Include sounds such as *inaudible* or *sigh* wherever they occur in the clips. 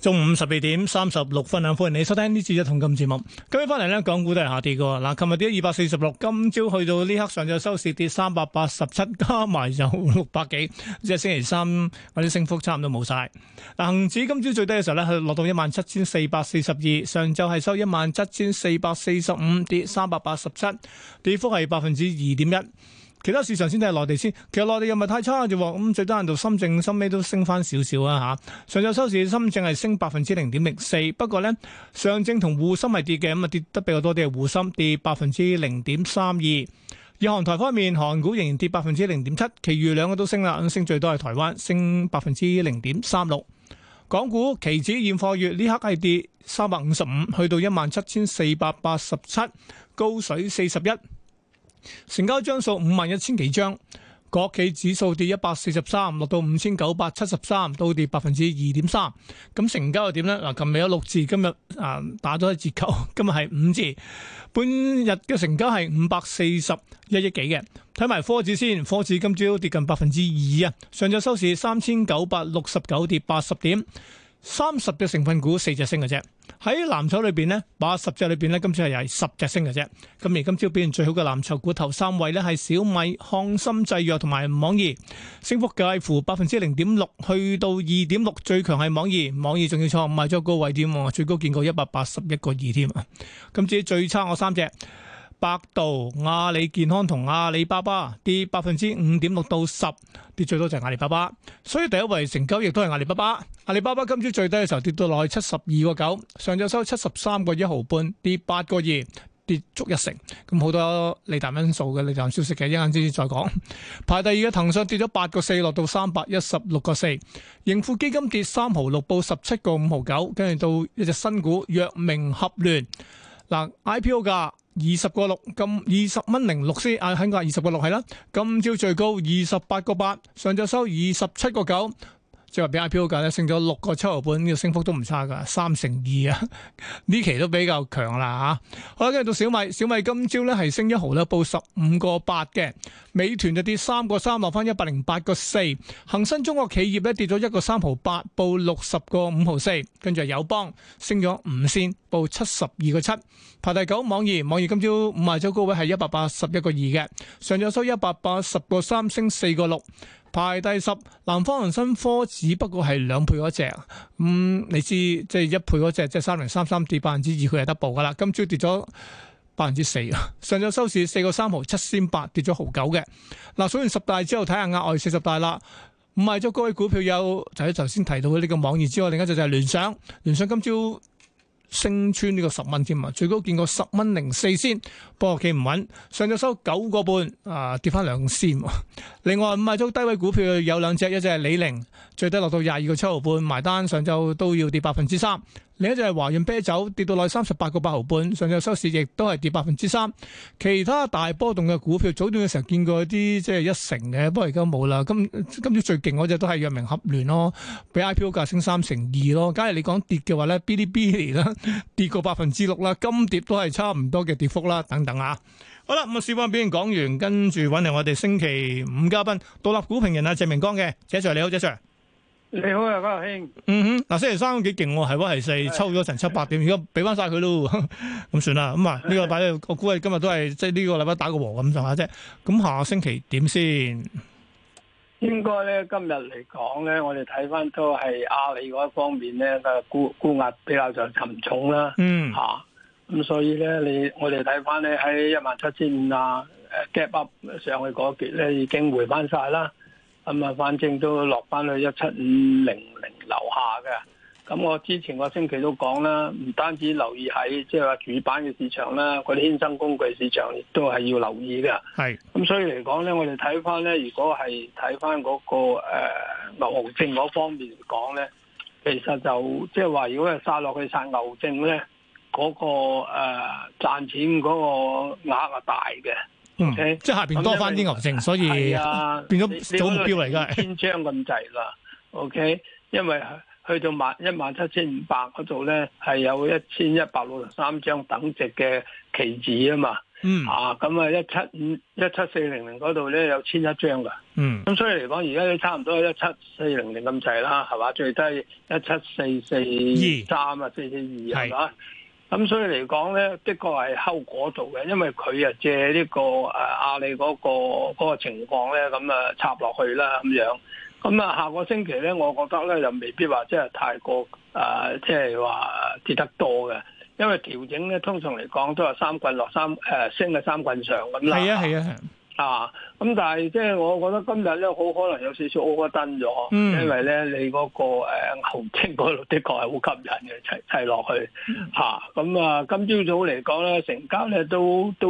中午十二點三十六分，歡迎你收聽呢次一桶金節目。今日翻嚟呢港股都係下跌嘅。嗱，琴日跌咗二百四十六，今朝去到呢刻上晝收市跌三百八十七，加埋就六百幾。即係星期三，嗰啲升幅差唔多冇晒。嗱，恒指今朝最低嘅時候呢，係落到一萬七千四百四十二，上晝係收一萬七千四百四十五，跌三百八十七，跌幅係百分之二點一。其他市場先睇下內地先，其實內地又唔係太差住喎，咁最低限度深圳深尾都升翻少少啊。嚇。上晝收市，深圳係升百分之零點零四，不過咧上證同滬深係跌嘅，咁啊跌得比較多啲，滬深跌百分之零點三二。日韓台方面，韓股仍然跌百分之零點七，其餘兩個都升啦，升最多係台灣，升百分之零點三六。港股期指現貨月呢刻係跌三百五十五，去到一萬七千四百八十七，高水四十一，成交張數五萬一千幾張，國企指數跌一百四十三，落到五千九百七十三，到跌百分之二點三。咁成交又點呢？嗱，琴日有六字，今日啊打咗一折扣，今日係五字。本日嘅成交係五百四十一億幾嘅。睇埋科指先，科指今朝跌近百分之二啊，上晝收市三千九百六十九跌八十點。三十隻成分股四隻升嘅啫，喺藍籌裏邊呢，八十隻裏邊呢，今次係十隻升嘅啫。咁而今朝表現最好嘅藍籌股頭三位呢，係小米、翰森製藥同埋網易，升幅介乎百分之零點六，去到二點六。最強係網易，網易仲要創唔係最高位添，最高見過一百八十一個二添。咁至於最差我三隻。百度、阿里健康同阿里巴巴跌百分之五點六到十，跌最多就係阿里巴巴，所以第一位成交亦都係阿里巴巴。阿里巴巴今朝最低嘅時候跌到落去七十二個九，上晝收七十三個一毫半，跌八個二，跌足一成。咁好多利淡因素嘅利淡消息嘅，一陣先再講。排第二嘅騰訊跌咗八個四，落到三百一十六個四。盈富基金跌三毫六，報十七個五毫九，跟住到一隻新股藥明合聯，嗱 IPO 價。二十個六咁二十蚊零六先，啊喺噶二十個六係啦。今朝最高二十八個八，上晝收二十七個九，最後比 IPO 價咧升咗六個七毫半，呢個升幅都唔差噶，三成二啊。呢期都比較強啦嚇。好啦，跟住到小米，小米今朝咧係升一毫啦，報十五個八嘅。美團就跌三個三，落翻一百零八個四。恒生中國企業咧跌咗一個三毫八，報六十個五毫四。跟住友邦升咗五仙。報七十二個七，7，排第九。網易，網易今朝五日最高位係一百八十一個二嘅，上晝收一百八十個三，升四個六，排第十。南方恒生科只不過係兩倍嗰隻，咁、嗯、你知即係一倍嗰隻，即係三零三三跌百分之二，佢係得報噶啦。今朝跌咗百分之四，上晝收市四個三毫七仙八，跌咗毫九嘅。嗱，數完十大之後，睇下額外四十大啦。五日最高位股票有就喺頭先提到嘅，呢個網易之外，另一隻就係聯想，聯想今朝。升穿呢個十蚊添啊，最高見過十蚊零四仙。不過企唔穩。上晝收九個半，啊跌翻兩仙。另外買咗低位股票有兩隻，一隻係李寧，最低落到廿二個七毫半，埋單上晝都要跌百分之三。另一隻係華潤啤酒跌到落三十八個八毫半，上日收市亦都係跌百分之三。其他大波動嘅股票，早段嘅時候見過啲即係一成嘅，不過而家冇啦。今今朝最勁嗰隻都係藥明合聯咯，比 IPO 價升三成二咯。假如你講跌嘅話咧，嗶哩嗶哩啦跌個百分之六啦，金蝶都係差唔多嘅跌幅啦。等等啊，好啦，咁啊，市況表現講完，跟住揾嚟我哋星期五嘉賓獨立股評人啊謝明光嘅，謝 Sir 你好，謝 Sir。你好啊，方華興。嗯哼，嗱，星期三幾勁喎，係咪係四，抽咗成七八點，而家俾翻晒佢咯，咁算啦。咁啊，呢個禮拜，我估計今日都係即係呢個禮拜打個和咁上下啫。咁下個星期點先？應該咧，今日嚟講咧，我哋睇翻都係阿里嗰方面咧嘅沽沽壓比較就沉重啦。嗯，吓咁，所以咧，你我哋睇翻咧喺一萬七千五啊，誒，gap up 上去嗰段咧已經回翻晒啦。咁啊，反正都落翻去一七五零零樓下嘅。咁我之前個星期都講啦，唔單止留意喺即係話主板嘅市場啦，嗰啲衍生工具市場亦都係要留意嘅。係是。咁所以嚟講咧，我哋睇翻咧，如果係睇翻嗰個、呃、牛證嗰方面嚟講咧，其實就即係話，如果係殺落去殺牛證咧，嗰、嗰個誒賺、呃、錢嗰個額係大嘅。Okay, 即係下邊多翻啲牛證，為所以變咗好目標嚟噶。千張咁滯啦，OK。因為去到萬一萬七千五百嗰度咧，係有一千一百六十三張等值嘅期指啊嘛。嗯，啊，咁啊一七五一七四零零嗰度咧有千一張噶。嗯，咁所以嚟講，而家都差唔多一七四零零咁滯啦，係嘛？最低一七四四二三啊，四四二係嘛？咁所以嚟講咧，的確係後果度嘅，因為佢、這個、啊借呢個誒阿里嗰、那個那個情況咧，咁啊插落去啦咁樣。咁啊，下個星期咧，我覺得咧就未必話真係太過誒，即係話跌得多嘅，因為調整咧通常嚟講都係三棍落三誒、呃、升嘅三棍上咁啦。係啊係啊係啊。啊！咁、嗯、但係即係，我覺得今日咧好可能有少少 overdone 咗，因為咧你嗰個誒紅青嗰度的確係好吸引嘅，砌砌落去嚇。咁啊，今朝早嚟講咧，成交咧都都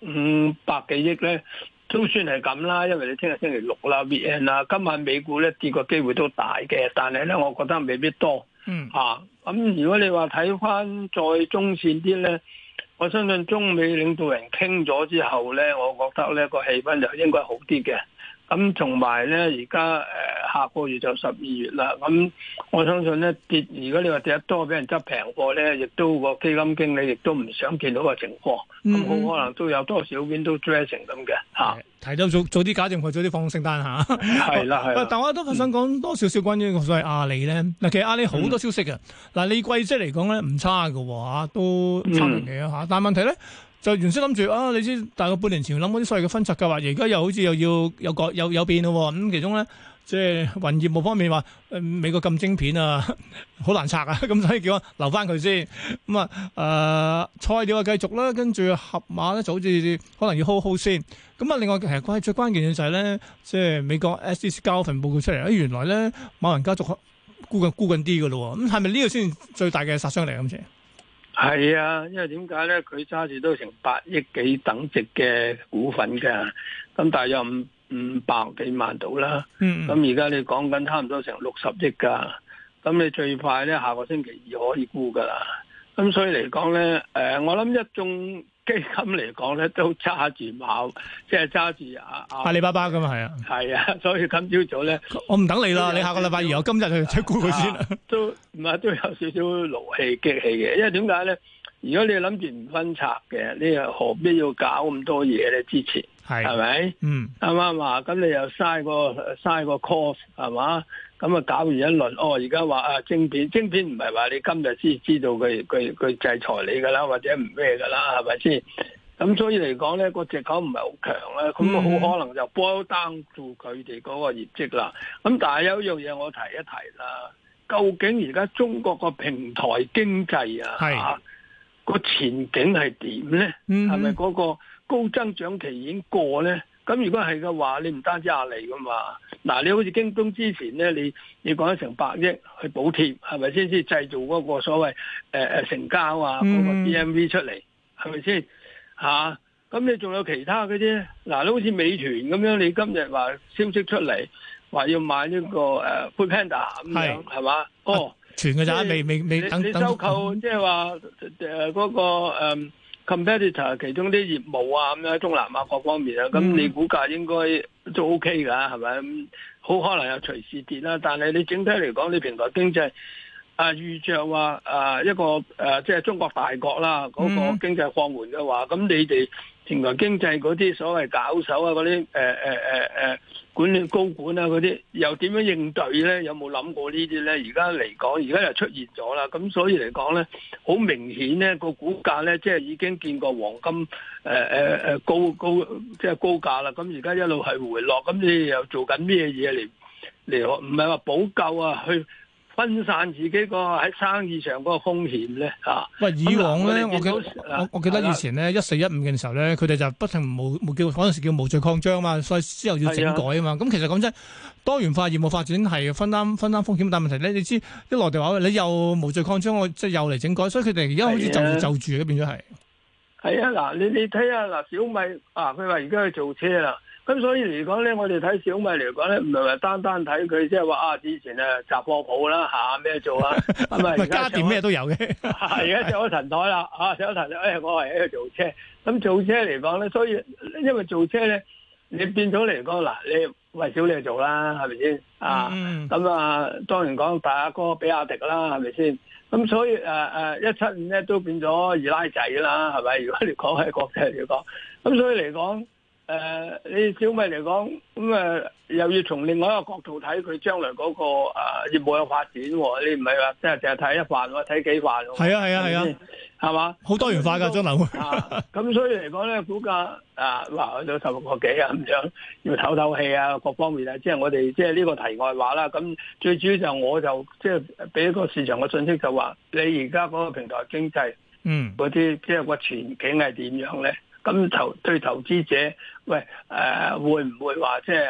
五百幾億咧，都算係咁啦。因為你聽日、啊嗯、星期六啦，VN 啦，今晚美股咧跌嘅機會都大嘅，但係咧，我覺得未必多嚇。咁、啊嗯嗯、如果你話睇翻再中線啲咧？我相信中美領導人傾咗之後咧，我覺得咧個氣氛就應該好啲嘅。咁同埋咧，而家誒下個月就十二月啦。咁、嗯、我相信咧跌，如果你話跌得多，俾人執平貨咧，亦都個基金經理亦都唔想見到個情況。咁、嗯、好、嗯、可能都有多少 window dressing 咁嘅嚇。提早早早啲假定佢早啲放聖誕嚇。係啦係。但係我都想講多少少關於所謂阿里咧。嗱，其實阿里好多消息嘅。嗱、嗯嗯嗯，你季績嚟講咧唔差嘅喎，都差唔多嚇。嗯、但係問題咧。就原先諗住啊，你知大概半年前諗嗰啲所謂嘅分拆計劃，而家又好似又要有改有有變咯、哦。咁、嗯、其中咧，即係雲業務方面話、呃，美國禁晶片啊，好難拆啊。咁、嗯、所以叫我留翻佢先。咁、嗯、啊，誒、呃，菜鳥啊繼續啦。跟住盒馬咧就好似可能要 hold hold 先。咁、嗯、啊，另外其實關最關鍵嘅就係咧，即、就、係、是、美國 SEC 交份報告出嚟，啊、哎，原來咧馬雲家族沽緊沽緊啲嘅咯。咁係咪呢個先最大嘅殺傷嚟啊？目前？係啊，因為點解咧？佢揸住都成八億幾等值嘅股份噶，咁大約五五百幾萬到啦。嗯，咁而家你講緊差唔多成六十億噶，咁你最快咧下個星期二可以沽噶啦。咁所以嚟講咧，誒、呃，我諗一眾。基金嚟講咧，都揸住買，即係揸住啊！阿里巴巴咁啊，係啊，係啊，所以今朝早咧，我唔等你啦，有你下個禮拜二我今日去 check 佢先，啊。都唔係都有少少勞氣激氣嘅，因為點解咧？如果你諗住唔分拆嘅，你又何必要搞咁多嘢咧？之前。係，咪？嗯，啱啱話？咁你又嘥個嘥個 c o s e 係嘛？咁啊搞完一輪，哦，而家話啊，晶片，晶片唔係話你今日先知道佢佢佢制裁你噶啦，或者唔咩噶啦，係咪先？咁所以嚟講咧，這個借狗唔係好強啊，咁好可能就波單住佢哋嗰個業績啦。咁、嗯、但係有一樣嘢我提一提啦，究竟而家中國個平台經濟啊，個是、啊、前景係點咧？係咪嗰個？嗯 *noise* 高增長期已經過咧，咁如果係嘅話，你唔單止壓力噶嘛。嗱你好似京東之前咧，你你講咗成百億去補貼，係咪先先製造嗰個所謂誒誒、呃呃、成交啊嗰、那個 B M V 出嚟，係咪先吓？咁、啊、你仲有其他嗰啲嗱你好似美團咁樣，你今日話消息出嚟話要買呢、這個誒 B、呃、panda 咁樣係嘛？哦是，oh, 全嘅咋你？未未未你收購即係話誒嗰個、嗯 competitor，其中啲業務啊咁樣，中南亞各方面啊，咁你估價應該都 OK 㗎，係咪？好可能有隨時跌啦，但係你整體嚟講，你平台經濟啊預著話啊一個誒，即係中國大國啦，嗰個經濟放緩嘅話，咁你哋。全球經濟嗰啲所謂搞手啊，嗰啲誒誒誒誒管理高管啊，嗰啲又點樣應對咧？有冇諗過呢啲咧？而家嚟講，而家又出現咗啦。咁所以嚟講咧，好明顯咧，個股價咧，即係已經見過黃金誒誒誒高高，即係高價啦。咁而家一路係回落，咁你又做緊咩嘢嚟嚟？唔係話補救啊，去。分散自己個喺生意上嗰個風險咧嚇。喂，以往咧、嗯、我我、嗯、我記得以前咧一四一五嘅時候咧，佢哋就不停冇無，無叫嗰陣時叫無序擴張啊嘛，所以之後要整改啊嘛。咁、啊、其實講真、就係，多元化業務發展係分擔分擔風險，但係問題咧，你知啲內地話你又無序擴張，我即係又嚟整改，所以佢哋而家好似就就住都變咗係。係啊，嗱、啊、你你睇下嗱小米啊，佢話而家去做車啦。咁所以嚟講咧，我哋睇小米嚟講咧，唔係話單單睇佢即係話啊，以前啊雜貨鋪啦吓咩做啊，係咪 *laughs* 家電咩都有嘅 *laughs* 、啊。而家上咗神台啦、 *laughs* 啊，啊上咗神台，誒、哎、我係喺度做車。咁做車嚟講咧，所以因為做車咧，你變咗嚟講嗱，你為小你做啦，係咪先啊？咁、嗯、啊，當然講大阿哥，哥比亞迪啦，係咪先？咁所以誒誒，一七五咧都變咗二奶仔啦，係咪？如果你講喺國際嚟講，咁所以嚟講。誒、呃，你小米嚟講，咁、嗯、誒又要從另外一個角度睇佢將來嗰、那個誒、呃、業務嘅發展、啊，你唔係話即係淨係睇一萬喎，睇幾萬喎？係啊係啊係啊，係嘛、啊？好多元化噶將來，咁那、嗯啊、所以嚟講咧，股價誒滑去到十六個，個幾啊，咁樣要透透氣啊，各方面啊，即係我哋即係呢個題外話啦。咁最主要就我就即係俾一個市場嘅信息就，就話你而家嗰個平台經濟，嗯，嗰啲即係個前景係點樣咧？咁投對投資者，喂，誒、呃、會唔會話即係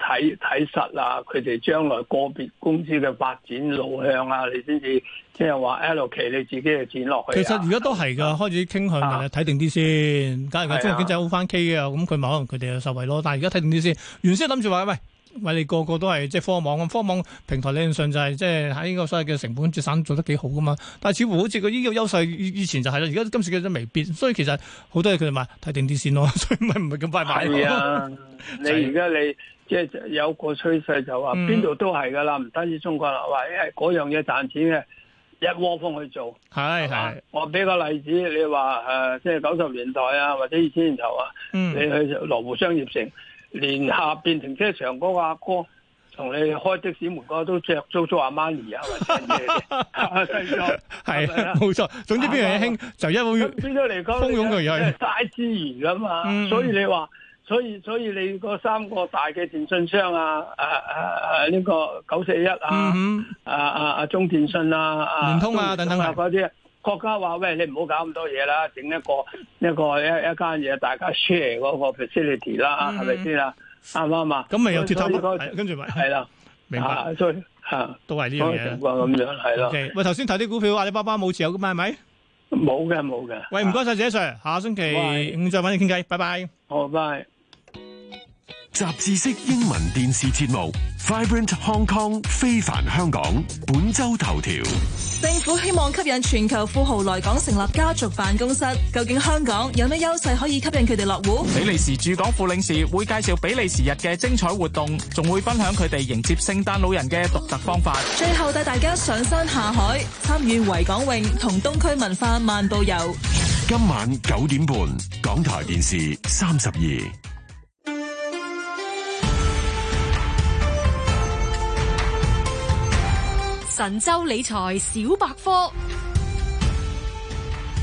睇睇實啊？佢哋將來個別公司嘅發展路向啊，你先至即係話 L 期你自己嘅錢落去、啊。其實而家都係噶，嗯、開始傾向，但係睇定啲先。假如佢中國經濟好翻 K 嘅，咁佢咪可能佢哋就受惠咯？但係而家睇定啲先，原先諗住話喂。你個個都係科網咁，科網平台理論上就係即係喺個所謂嘅成本節省做得幾好噶嘛。但係似乎好似佢呢個優勢，以以前就係、是、啦，而家今時今日都未變。所以其實好多嘢佢哋買睇定啲線咯，所以咪唔係咁快買。係啊， *laughs* 就是、你而家你即係、就是、有個趨勢就話邊度都係噶啦，唔單止中國啦，話嗰樣嘢賺錢嘅一窩蜂，蜂去做。係係，我俾個例子，你話誒，即係九十年代啊，或者二千年頭啊，你去羅湖商業城。嗯連下邊停車場嗰個阿哥，哥，同你開的士門嗰個都着租租阿媽兒啊，乜嘢嘅，係冇錯。總之邊樣嘢興就一呼，邊、啊啊、都嚟江，蜂擁而入。即係嘥資源啊嘛，所以你話，所以所以你嗰三個大嘅電信商啊，誒誒誒呢個九四一啊，啊啊、那個、啊、嗯嗯、啊，啊中電信啊，聯通啊，啊等等嗰啲。國家話：喂，你唔好搞咁多嘢啦，整一個一個一一間嘢，大家 share 嗰個 facility 啦，係咪先啊？啱唔啱啊？咁咪有鐵頭骨，跟住咪係啦。明白，所以吓都係呢樣嘢。個情況咁樣係咯。喂，頭先睇啲股票阿里巴巴冇持有㗎嘛？係咪？冇嘅，冇嘅。喂，唔該晒謝 Sir，下星期再揾你傾偈，拜拜。好，拜。雜誌式英文電視節目《Vibrant Hong Kong》非凡香港本周頭條：政府希望吸引全球富豪來港成立家族辦公室，究竟香港有咩優勢可以吸引佢哋落戶？比利時駐港副領事會介紹比利時日嘅精彩活動，仲會分享佢哋迎接聖誕老人嘅獨特方法。最後帶大家上山下海，參與維港泳同東區文化漫步遊。今晚九點半，港台電視三十二。神州理財小百科，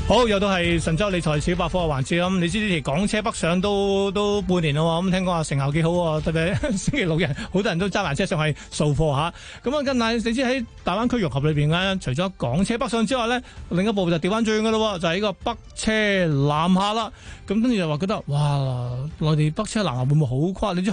好，又到係神州理財小百科嘅環節。咁，你知呢條港車北上都都半年啦，咁聽講啊成效幾好啊，特別 *laughs* 星期六日好多人都揸埋車上去掃貨吓。咁啊，跟但係你知喺大灣區融合裏邊咧，除咗港車北上之外咧，另一部就調翻轉噶啦，就係、是、呢個北車南下啦。咁跟住就話覺得哇，內地北車南下會唔會好誇